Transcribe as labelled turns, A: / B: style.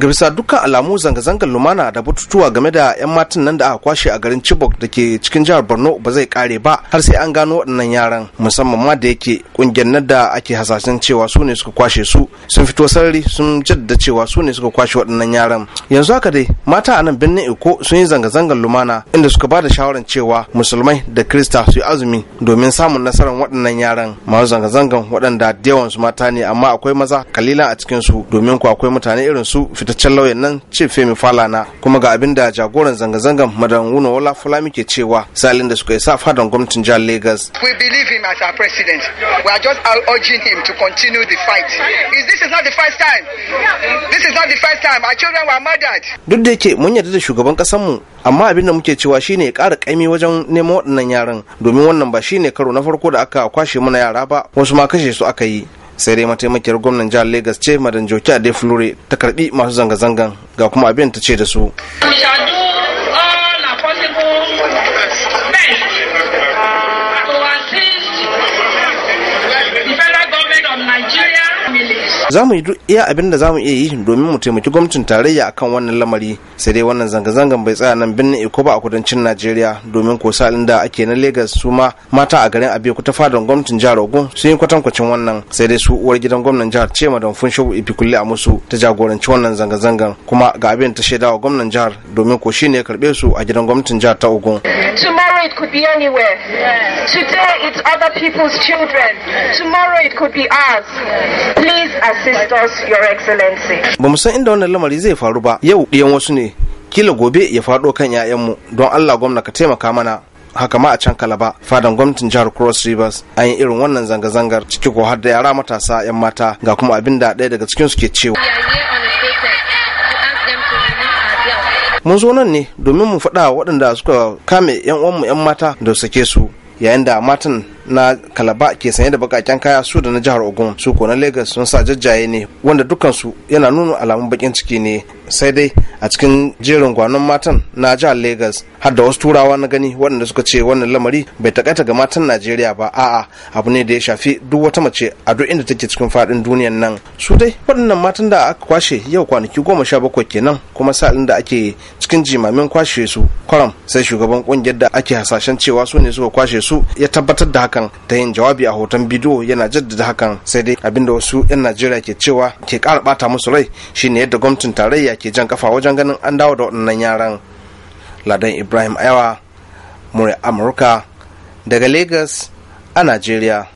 A: ga bisa dukkan alamu zanga-zangar lumana da batutuwa game da 'yan matan nan da aka kwashe a garin chibok da ke cikin jihar borno ba zai kare ba har sai an gano waɗannan yaran musamman ma da yake ƙungiyar nan da ake hasashen cewa su ne suka kwashe su sun fito sarari sun jaddada cewa su ne suka kwashe waɗannan yaran yanzu haka dai mata a nan birnin eko sun yi zanga-zangar lumana inda suka ba da shawarar cewa musulmai da krista su yi azumi domin samun nasarar waɗannan yaran masu zanga-zangan waɗanda da yawansu mata ne amma akwai maza kalilan a cikinsu domin ku akwai mutane irin su fitaccen lauyan nan ce femi falana kuma ga abin da jagoran zanga-zangan madan wuna wala fulami ke cewa salin da suka isa fadan gwamnatin jihar lagos we believe him as our president we are just urging him to continue the fight is this is not the first time this is not the first time our children were murdered duk da yake mun yarda da shugaban kasar mu amma abin da muke cewa shine ya kara kaimi wajen neman waɗannan yaran domin wannan ba shine karo na farko da aka kwashe mana yara ba wasu ma kashe su aka yi sai dai mataimakiyar gwamnan jihar lagos ce madan joki de flore ta karbi masu zanga-zangan ga kuma abin ta ce da su za mu yi duk iya abin da za mu iya yi domin mu taimaki gwamnatin tarayya akan wannan lamari sai dai wannan zanga-zangan bai tsaya nan birnin eko ba a kudancin najeriya domin ko sa'ilin da ake na lagos su ma mata a garin abeku ta fadan gwamnatin jihar ogun sun yi kwatankwacin wannan sai dai su uwar gidan gwamnan jihar ce madan funsho ifikulle a musu ta jagoranci wannan zanga-zangan kuma ga abin ta shaidawa gwamnan jihar domin ko shine ya karbe su a gidan gwamnatin jihar ta ogun. Tomorrow it could be anywhere. Today it's other people's children. Tomorrow it could be ours. Please assist us, Your Excellency. Ba mu san inda wannan lamari zai faru ba. Yau ɗiyan wasu ne. Kila gobe ya faɗo kan 'ya'yanmu don Allah gwamna ka taimaka mana. haka ma a can kalaba fadan gwamnatin jihar cross rivers an yi irin wannan zanga-zangar ciki ko har da yara matasa 'yan mata ga kuma abin da ɗaya daga cikin suke cewa mun zo nan ne domin mu faɗa waɗanda suka kame 'yan uwanmu 'yan mata da sake su yayin da matan na kalaba ke sanye da bakakken kaya su da na jihar ogun su ko na lagos sun sa jajjaye ne wanda dukansu yana nuna alamun bakin ciki ne sai dai a cikin jerin gwanon matan na jihar lagos har da wasu turawa na gani waɗanda suka ce wannan lamari bai takaita ga matan najeriya ba a'a abu ne da ya shafi duk wata mace a duk inda take cikin faɗin duniyan nan su dai waɗannan matan da aka kwashe yau kwanaki goma sha bakwai kenan kuma sa'ilin da ake cikin jimamin kwashe su kwaram sai shugaban ƙungiyar da ake hasashen cewa su ne suka kwashe su ya tabbatar da hakan ta yin jawabi a hoton bidiyo yana jaddada hakan sai dai abinda wasu 'yan najeriya ke cewa ke kara bata musu rai shine yadda gwamnatin tarayya ke jan kafa wajen ganin an dawo da waɗannan yaran ladan ibrahim ayawa murai amurka daga lagos a najeriya